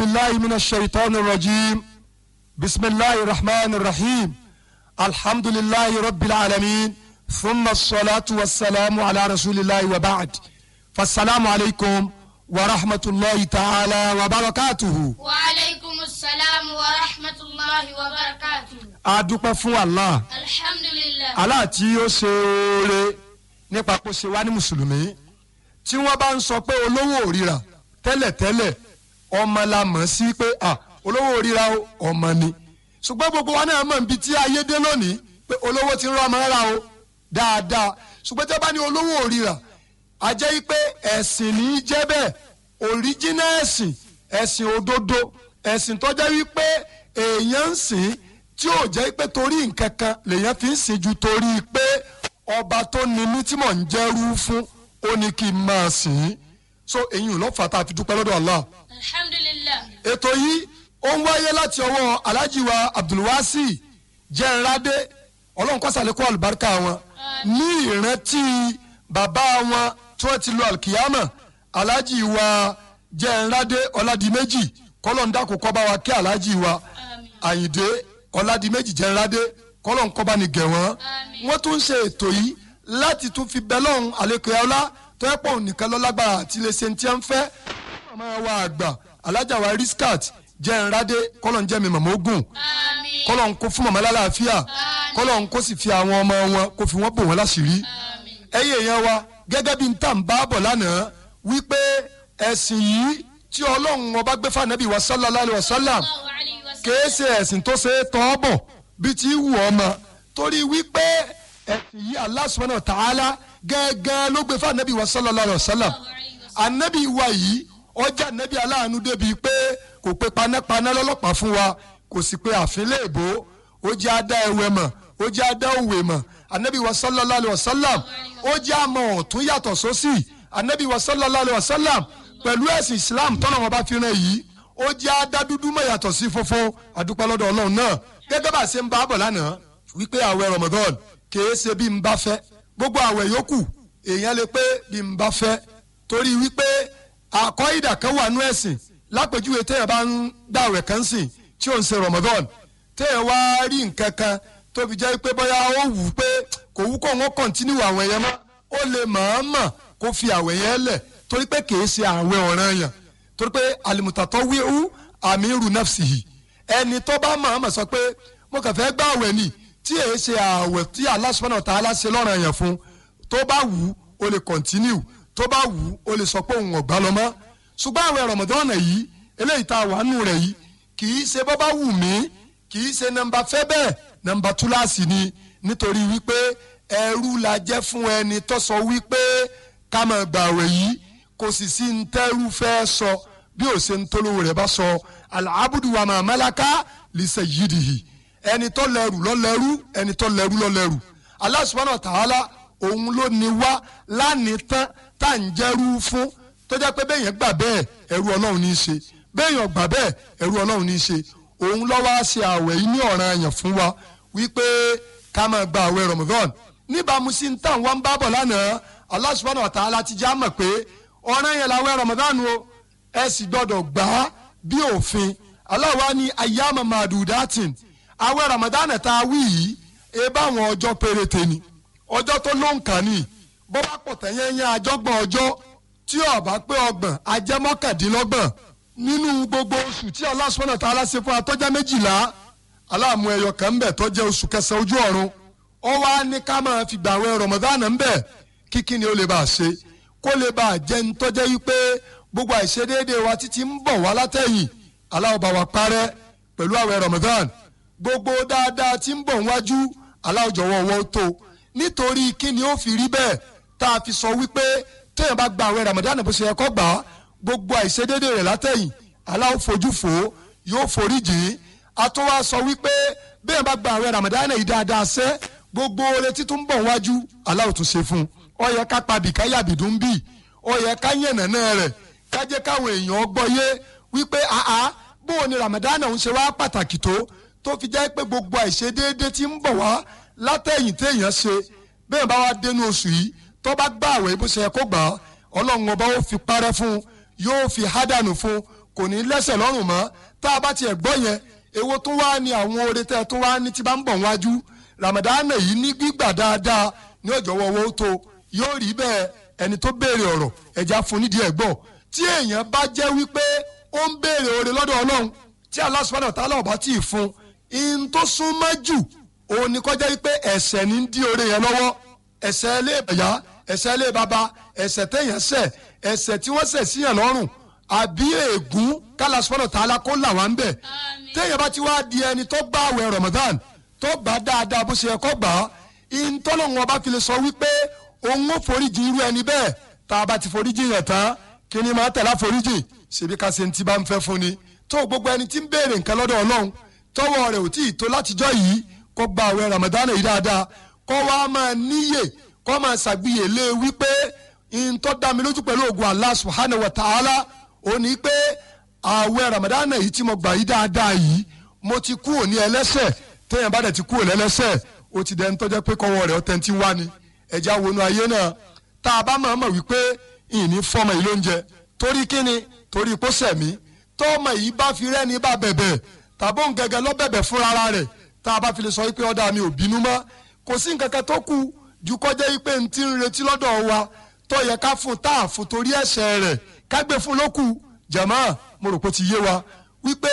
أعوذ بالله من الشيطان الرجيم بسم الله الرحمن الرحيم الحمد لله رب العالمين ثم الصلاة والسلام على رسول الله وبعد فالسلام عليكم ورحمة الله تعالى وبركاته وعليكم السلام ورحمة الله وبركاته adúpẹ́ fún Allah alhamdulillah Allah tí ó ṣe oore nípa kó ṣe wá ní mùsùlùmí tí wọ́n bá ń ọmọ la mọ̀ sí pé olówó ríra ọmọ ni ṣùgbọ́n gbogbo wa náà mọ̀ níbi tí ayé dé lónìí pé olówó ti rọ́ ọmọ rà o dáadáa ṣùgbọ́n tí a bá ní olówó ríra a jẹ́ pé ẹ̀sìn ní í jẹ́ bẹ́ẹ̀ òríjínà ẹ̀sìn ẹ̀sìn òdodo ẹ̀sìn tó jẹ́ wípé èèyàn ń sìn tí ò jẹ́ pé torí nǹkan kan lèèyàn fi ń sìn ju torí pé ọba tó ni mí tí mò ń jẹ́rú fún ó ní kí n máa sìn í so eyín lọ́fà tá a fi dúpẹ́ lọ́dọ̀ Allah. alhamdulilayi. ètò yìí ó ń wáyé láti ọwọ́ alhaji wa abdulwasi jẹ́nradé ọlọ́run kọ́sàlẹ́kọ́ àlùbáríkà wọn ní ìrántí bàbá wọn tí wọ́n ti lo alkiyama alhaji wa jẹ́nradé ọ̀làdìmẹ́jì kọ́lọ́ndàkùn kọ́ bá wa kí alhaji wa àyìndé ọ̀làdìmẹ́jì jẹ́nradé kọ́lọ́nkọ́ bá ní gẹ̀ wọ́n wọ́n tún ń ṣe ètò yìí láti tún fi bẹ́lọ́hún àlekèọ́lá tó yẹ pọ̀ nìkan lọ lágbára àti lè ṣe ti ń fẹ́ màmá wa àgbà alájà wa riskat jẹ́ ìrádé kọ́lọ̀ ń jẹ́ mi màmá ogun kọ́lọ̀ ń kó fún màmá lálàáfíà kọ́lọ̀ ń kó sì fi àwọn ọmọ wọn kó fi wọ́n bò wọ́n láṣìírí ẹ̀yẹ yẹn wa gẹ́gẹ́ bí n tà ń bá bọ̀ lánàá wípé ẹ̀sìn yìí tí ọlọ́run ọba gbé fànàbí wa sallallahu alayhi wa sallam kèé ṣe ẹ̀sìn tó ṣe é tọ́ bọ̀ bí ti wù ọmọ torí wípé ẹ̀sìn yìí Allah subhanahu wa gẹ́gẹ́ ló gbé fún anabi wa sallallahu alayhi wa sallam anabi wa yìí ọjà anabi aláàánú débi pé kò pe panápaná lọ́lọ́pàá fún wa kò sì pe àfin léèbó ó jẹ́ adá ẹwẹ́ mọ̀ ó jẹ́ adá òwe mọ̀ anabi wa sallallahu alayhi wa ó jẹ́ àmọ́ ọ̀tún yàtọ̀ sósì anabi wa sallallahu alayhi wa sallam pẹ̀lú islam tọ́nà wọn bá fi ràn yìí ó jẹ́ adá dúdú mọ̀ yàtọ̀ sí funfun àdúpẹ́ lọ́dọ̀ ọlọ́run náà gẹ́gẹ́ bá a ṣe ń bá a lánàá wípé àwẹ̀ ramadan kèé ṣe bí n bá fẹ́ gbogbo àwẹ̀ yòókù èèyàn lè pé bí n bá fẹ́ torí wípé àkọ́ ìdà kan wà nú ẹ̀sìn lápèjúwe téèyàn bá ń dàwẹ̀ kan sìn tí ò ń ṣe Ramadan téèyàn wá rí nǹkan kan jẹ́ pé bóyá ó wù ú pé kò wú kó mọ́ ó lè mọ̀ọ́mọ̀ kó fi àwẹ̀ lẹ̀ torí pé ṣe àwẹ̀ torí pé àmì rù yìí ẹni tó bá tí èé ṣe ààwẹ̀ tí Allah subhanahu wa ta'ala ṣe lọ́ràn yẹn fún tó bá wù ú o lè kọ̀ntínú tó bá wù ú o lè sọ pé òun ọ̀gbá lọ mọ́ ṣùgbọ́n ààwẹ̀ Ramadan yìí eléyìí tá a wà nù rẹ̀ yìí kì í ṣe bọ́ bá wù mí kì í ṣe nọ́mbà fẹ́ bẹ́ẹ̀ nọ́mbà túláàsì ni nítorí wípé ẹrú la jẹ́ fún ẹni tó sọ wípé ká máa gbààwẹ̀ yìí kò sì sí ń tẹ́rú fẹ́ sọ bí ó rẹ̀ bá sọ al-abdu wa ma malaka li ẹni tó lẹ́rù ló lẹ́rù ẹni tó lẹ́rù ló lẹ́rù Allah subhanahu wa ta'ala òun ló ní wá lánìí tán tá à ń jẹ́rú fún tó jẹ́ pé béèyàn gbà bẹ́ẹ̀ ẹrú ọlọ́run ní í ṣe béèyàn gbà bẹ́ẹ̀ ẹrú ọlọ́run ní í ṣe òun ló wá ṣe àwẹ̀ yìí ní ọ̀ranyàn fún wa wípé ká máa gba àwẹ̀ Ramadan níbàámu sí ń tàn wọ́n ń bábọ̀ lánàá Allah subhanahu wa ta'ala ti já mọ̀ pé ọ̀ranyàn làwẹ̀ Ramadan o ẹ sì gbọ́dọ̀ gbà á bí òfin Allah wá ní ayyama madudatin àwẹ̀ Ramadan tá a wí yìí ẹ pere àwọn ọjọ́ péréte ni ọjọ́ tó ló ń kàn ní bó bá pọ̀ tẹ́yẹ́yẹ́ àjọgbọ̀n ọjọ́ tí gbogbo oṣù tí Allah subhanahu wa ta'ala fún atọ́já méjìlá aláàmú ẹyọ kan ń bẹ̀ tó jẹ́ oṣù kẹsàn-án ojú fi gbà Ramadan ń bẹ̀ kíkí ni ó lè bá a ṣe kó lè bá a jẹ́ ń wa títí ń bọ̀ wá látẹ̀yìn wa parẹ́ pẹ̀lú Ramadan gbogbo dáadáa tí ń bọ̀ wájú aláwùjọwọ́ wọn tó nítorí kí ni ó fi rí bẹ́ẹ̀ tá a fi sọ wípé téèyàn bá gba àwẹ̀ Ramadan bó ṣe yẹ kó gbà á gbogbo àìṣedéédé rẹ̀ látẹ̀yìn aláwọ̀ fojú fò ó yóò forí jì í a tún wá sọ wípé béèyàn bá gba àwẹ̀ Ramadan yìí dáadáa sẹ́ gbogbo oore títún bọ̀ wájú aláwọ̀ tún ṣe fún ó yẹ ká pa bìkà yàbìdún bì ó yẹ ká yànnà rẹ̀ ká káwọn èèyàn gbọ́ yé wípé àá bóun ni Ramadan ń ṣe wá pàtàkì tó tó fi jẹ́ pé gbogbo àìṣedéédé ti ń bọ̀ wá látẹ̀yìn téèyàn ṣe bẹ́ẹ̀ bá wá dénú oṣù yìí tó bá gbà àwẹ̀ bó ṣe kó ọba ó fi parẹ́ fún yóò fi hádànù fún kò ní lẹ́sẹ̀ lọ́rùn mọ́ tá a bá tiẹ̀ gbọ́ yẹn tó wá ní àwọn oore tẹ́ tó wá ní tí bá ń bọ̀ wájú ramadana yìí ní gbígbà dáadáa ní ọjọ́ wọ́wọ́ yóò rí bẹ́ẹ̀ ẹni tó béèrè ọ̀rọ̀ fún oore lọ́dọ̀ ọlọ́run tí In tó súnmọ́ jù òun ni kọjá wípé ẹ̀ṣẹ̀ ní dí oore yẹn lọ́wọ́ ẹ̀ṣẹ̀ ilé ìyá ẹ̀ṣẹ̀ ilé baba ẹ̀ṣẹ̀ téèyàn ṣẹ̀ ẹ̀ṣẹ̀ tí wọ́n ṣẹ̀ síyàn lọ́rùn àbí ègún kálá sọ́nà tààlà kó là ń bẹ̀ téèyàn bá ti wá di ẹni tó bá àwẹ̀ Ramadan tó bá dáadáa bó ṣe yẹ kó gbà á ihun tọ́lọ́hún ọba fi lè sọ wípé òun ó foríjì irú ẹni bẹ́ẹ̀ tá a bá ti foríjì yẹn tán kí ni máa tẹ̀lé àforíjì ṣèbí ká ṣe ti bá ń fẹ́ fún ni tó gbogbo ẹni tí ń béèrè nǹkan lọ́dọ̀ Ọlọ́run tọwọ rẹ̀ ò tí ì tó látijọ́ yìí kó gba àwẹ̀ Ramadan yìí dáadáa kó wá máa níyè kó máa ṣàgbìyèlé e wípé n tó lójú pẹ̀lú ògùn Allah subhanahu wa ní pé àwẹ̀ Ramadan yìí tí ti kú òní ẹlẹ́sẹ̀ bá dẹ̀ ti kú ó ti pé kọ́wọ́ ọ̀tẹ̀ ti wá ni mọ̀ wípé ìní fọmọ yìí ló ń jẹ torí kíni torí bàbá òun gẹ́gẹ́ lọ bẹ̀bẹ̀ fúnra rẹ̀ tá a bá fi lè sọ wípé ọ̀dà mi ò bínú mọ́ kò sí nǹkan kan tó kù ju kọjá wípé n ti ń retí lọ́dọ̀ wa tó yẹ ká fún tá a fún torí ẹ̀ṣẹ̀ rẹ̀ ká fún lókù jàmá mo rò pé ti yé wa wípé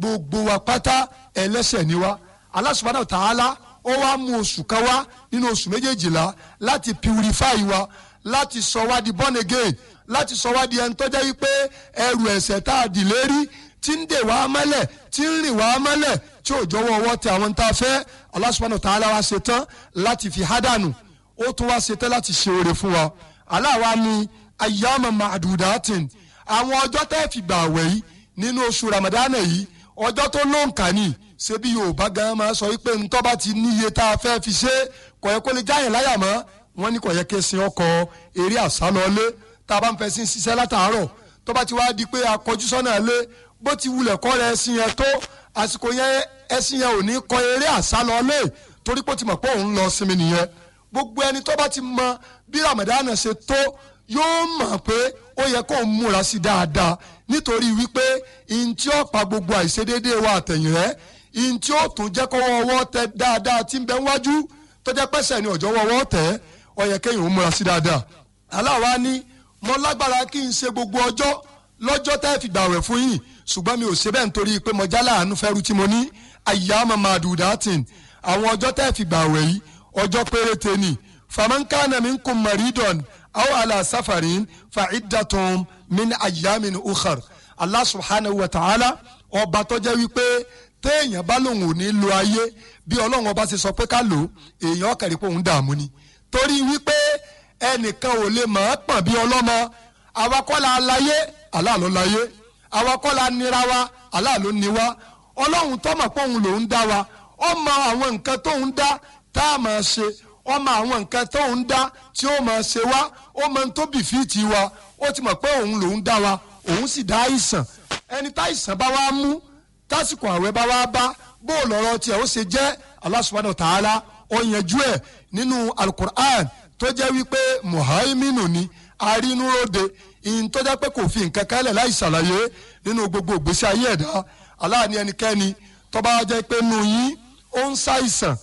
gbogbo wa pátá ẹlẹ́ṣẹ̀ ni wa Allah subhanahu ó wá mú oṣù kan wá nínú oṣù méjèèjìlá láti purify wa láti sọ wá di born again láti sọ wá di ẹni tó jẹ́ wípé ẹrù ẹ̀ṣẹ̀ tá a dì lérí tí ń dè wá mọ́lẹ̀ tí ń rìn wá mọ́lẹ̀ tí ò jọ̀wọ́ ọwọ́ tẹ àwọn tá a fẹ́ Allah subhanahu wa ta'ala wá láti fi hádànù ó tún wá ṣetán láti ṣe oore fún wa Allah wa ni ayyama ma'dudatin àwọn ọjọ́ tẹ́ fi gbà wẹ̀ yìí nínú oṣù ramadana yìí ọjọ́ tó ló ń kà ní ṣebí yorùbá gan máa sọ wípé ntọ́ bá ti níye tá a fẹ́ fi ṣe kò yẹ kó lè jáyàn láyà mọ́ wọ́n ní kò yẹ kí sin ọkọ̀ eré àsálọ́lé tá a bá ń fẹ́ sí ṣiṣẹ́ látàárọ̀ tó bá ti wá di pé akọjú sọ́nà lé bó ti wulẹ̀ kọ́ rẹ ẹṣin yẹn tó àsìkò yẹn ẹṣin yẹn ò ní kọ eré àsálọ lé torí pé ó ti mọ̀ pé òun lọ sinmi nìyẹn gbogbo ẹni tó bá ti mọ bí Ramadan ṣe tó yóò mọ̀ pé ó yẹ kó múra sí dáadáa nítorí wípé ntí ó pa gbogbo àìṣedéédé wa àtẹ̀yìn rẹ ntí ó tún jẹ́ kọ́wọ́ ọwọ́ tẹ dáadáa tí ń bẹ wájú tó jẹ́ pẹ́sẹ̀ ni ọ̀jọ́ wọ́wọ́ tẹ̀ ó yẹ kéèyàn ó múra sí dáadáa aláwa ni mo lágbára kí n ṣe gbogbo ọjọ́ lọ́jọ́ tẹ́ fìgbà wẹ̀ fún yìí ṣùgbọ́n mi ò ṣe bẹ́ẹ̀ nítorí pé mo jálá àánú fẹ́rú tí mo ní ayyama madudatin àwọn ọjọ́ tẹ́ fi gbà wẹ̀ yìí ọjọ́ péréte ni famankana minkum maridon aw ala safarin fa iddatun min ayyamin ukhar allah subhanahu wa ta'ala ọba tó jẹ́ wípé téèyàn bá lòun ò ní lo ayé bí ọlọ́run ọba ṣe sọ pé ká lò èèyàn kẹrì pé òun dààmú ni torí wípé ẹnìkan ò lè mọ̀ ọ́ pọ̀n bí ọlọ́mọ àwa kọ́ la láyé àwa kọ́ nira wa Allah ló ni wa ọlọ́run tó pé òun lòún dá wa ó mọ àwọn nǹkan tóun dá tá a máa ṣe ó mọ àwọn nǹkan tóun dá tí ó máa ṣe wá ó mọ wa ó ti mọ̀ pé òun lòún dá wa òun sì dá àìsàn ẹni tá àìsàn bá wá mú tásìkò àwẹ̀ bá bá bó tiẹ̀ ó ṣe jẹ́ wa ẹ̀ nínú alukur'an tó jẹ́ wípé ni arínúròde ìyìn tó jẹ́ pé kò fi nǹkan kálẹ̀ láì ṣàlàyé nínú gbogbo ìgbésí ayé ẹ̀dá aláàní ẹnikẹ́ni tó bá jẹ́ pé nù yín ó ń ṣàìsàn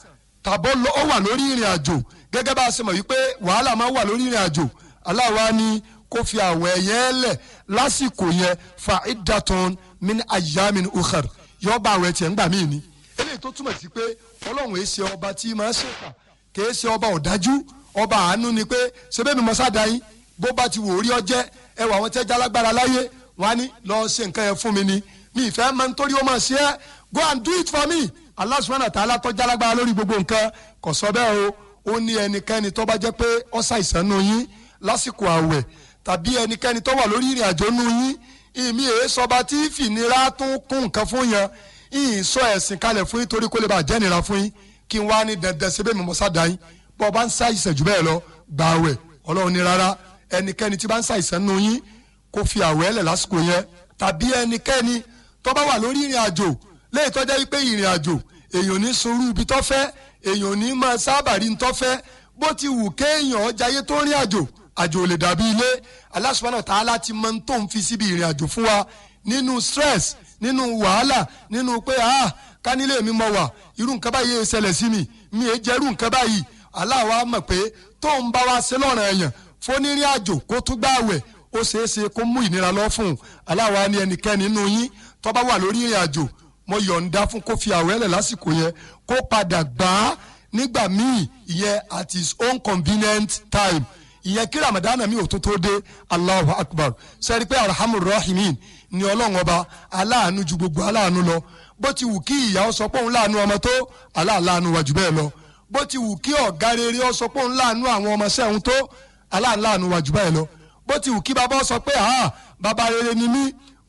tàbó ó wà lórí ìrìn àjò gẹ́gẹ́ bá a ṣe mọ̀ wípé wàhálà máa wà lórí ìrìn àjò aláwa ni kó fi àwọ̀ ẹ̀yẹ lẹ̀ lásìkò yẹn fa idaton min ayamin ukhar yọ bá àwọ̀ ẹ̀tì ń gbà mí ni. eléyìí tó túmọ̀ sí pé ọlọ́run èsì ọba tí máa ṣèkà kèé ṣe ọba ọ̀dájú ọba àánú ni pé ṣebí mi mọ́ sáda yín bó bá ti wò ó rí ọjẹ́ ẹ wà wọn tẹ́jà lágbára láyé wọn á ní lọ ṣe nǹkan yẹn fún mi ni mi ìfẹ́ máa ń torí ó máa ṣe é go and do it for me Allah subhanahu wa ta'ala tọ́jà lágbára lórí gbogbo nǹkan kò sọ bẹ́ẹ̀ o ó ní ẹnikẹ́ni tó bá jẹ́ pé ó ṣàìsàn nù yín lásìkò àwẹ̀ tàbí ẹnikẹ́ni tó wà lórí ìrìn àjò nù yín ìmí èé sọba tí fìnira tún kún nǹkan fún yẹn ìyìn sọ ẹ̀sìn kalẹ̀ fún yín torí kó lè bá jẹ́ fún yín kí n wá ní dandan síbẹ̀ mímọ́sá dá yín bọ́ ọ bá ń ṣàìsàn jù bẹ́ẹ̀ lọ gbààwẹ̀ ọlọ́run ní rárá ẹnikẹ́ni tí bá ń ṣàìsàn nù yín kó fi àwẹ̀ ẹlẹ̀ lásìkò yẹn tàbí ẹnikẹ́ni tó bá wà lórí ìrìn àjò léyìí tó jẹ́ wípé ìrìn àjò èèyàn ní sorú ibi tó fẹ́ èèyàn ní máa sábà rí ní tó fẹ́ bó ti wù kéèyàn ọjàyé tó rìn àjò àjò lè dàbí ilé Allah subhanahu wa ta'ala ti mọ tó ń fi síbi ìrìn àjò fún wa nínú stress nínú wàhálà nínú pé ah kánilé mi mọ wà irú nǹkan báyìí ṣẹlẹ̀ sí mi mi è jẹ́rú nǹkan báyìí Allah wa mọ̀ pé tó ń bá wa ṣe lọ́ràn ẹ̀yàn fónírìn àjò kó tún gbààwẹ̀ ó ṣeé ṣe kó mú ìnira lọ fún un aláwa ni ẹnikẹ́ni inú yín tó wà lórí ìrìn àjò mo yọ̀ǹda fún kó fi àwẹ̀ lẹ̀ lásìkò yẹn kó padà gbà á nígbà míì ìyẹn at his own convenient time ìyẹn kí ramadan mi ò tó tó dé allahu akbar pé ni ọlọ́run ọba aláàánú ju lọ bó ti wù kí ìyá ọ sọ pé òun ọmọ tó aláàánú lọ bó ti wù kí ọ̀gá rere ọmọ sẹ́hun aláǹláàánú wa jù báyìí lọ bó ti wù kí bàbá sọ pé ah bàbá rere ni mí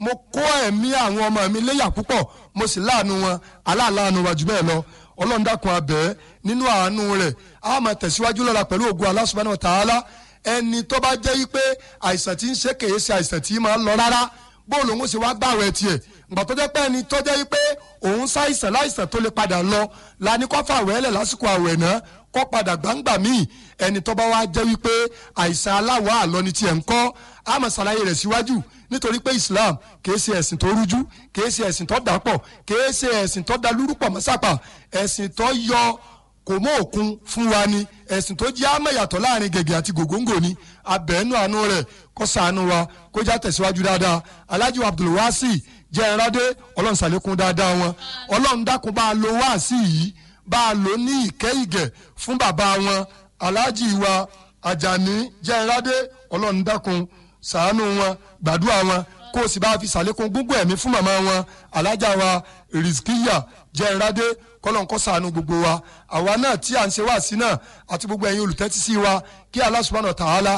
mo kó ẹ̀mí àwọn ọmọ mi léyà púpọ̀ mo sì láàánú wọn aláàánú wa jù bẹ́ẹ̀ lọ ọlọ́run dákun abẹ́ nínú àánú rẹ̀ a máa tẹ̀síwájú lọ́la pẹ̀lú ògùn Allah subhanahu wa ta'ala ẹni tó bá jẹ́ wípé àìsàn tí ń ṣe kèé ṣe àìsàn tí máa ń lọ rárá bóòlù òun ṣe wá gbàwẹ̀ tiẹ̀ gbà tó jẹ́ pé ẹni tó jẹ́ wípé òun ṣàìsàn láìsàn tó lè padà lọ la ní kó fàwẹ̀ ẹlẹ̀ lásìkò àwẹ̀ náà kó padà gbangba míì ẹni tó bá wá jẹ́ wípé àìsàn aláwọ̀ àlọ́ ni tiẹ̀ ń kọ́ a máa rẹ̀ síwájú nítorí pé Islam kìí ṣe ẹ̀sìn tó rújú kìí ṣe ẹ̀sìn tó dàpọ̀ kìí ṣe ẹ̀sìn tó dalúrúpọ̀ mọ́sàpà ẹ̀sìn tó yọ kò mọ òkun fún wa ni ẹ̀sìn tó jẹ́ àmọ́ ìyàtọ̀ láàrin gègé àti gògóńgò ni abẹ́ẹ́nú àánú rẹ̀ kó ṣàánú wa kó já tẹ̀síwájú dáadáa Alhaji Abdulwasi jẹ́ ẹ̀rọ̀dé ọlọ́run ṣàlékún dáadáa wọn ọlọ́run dákun bá a lo wáàsí yìí bá a lò ní ìkẹ́ ìgẹ̀ fún bàbá wọn aláàjì wa àjàní jẹ́nradé ọlọ́run dákun ṣàánú wọn gbàdúrà wọn kó o sì bá fi ṣàlékún gbogbo ẹ̀mí fún màmá wọn alájà wa rìsíkìyà jẹ́nradé kọ́lọ́n kó ṣàánú gbogbo wa àwa náà tí à ń ṣe wá sí náà àti gbogbo ẹ̀yin olùtẹ́tí wa kí Allah subhanahu kọ ta'ala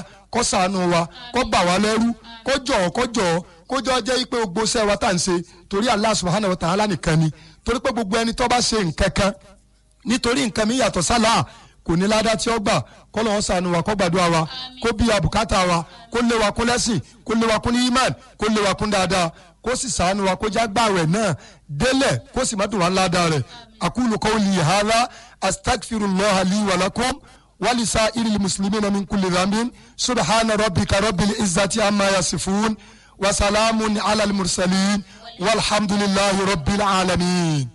wa kọ bà wá lẹ́rú kó jọ̀ọ́ kó jọ̀ọ́ kójọ jẹ́ pé gbogbo iṣẹ́ wa tá à ń ṣe torí Allah subhanahu nìkan ni torí pé gbogbo ẹni tó bá ṣe nǹkan kan nítorí nǹkan mi yàtọ̀ sálà kò ní ládá tí ó gbà kó lọ́wọ́ sànù wa kó gbàdúrà wa kó bí abùkátà wa kó lé wa kó lẹ́sìn kó lé wa kó ní imán kó lé wa kó dáadáa kó sì sànù wa kó já gbàwẹ̀ náà délẹ̀ kó sì má dùn wá ládá rẹ̀ aqulu qawli hadha astaghfirullaha li wa lakum wa lisa'iril muslimina min kulli dhanbin subhana rabbika rabbil izzati amma yasifun wa salamun ala al-mursalin walhamdulillahi rabbil alamin.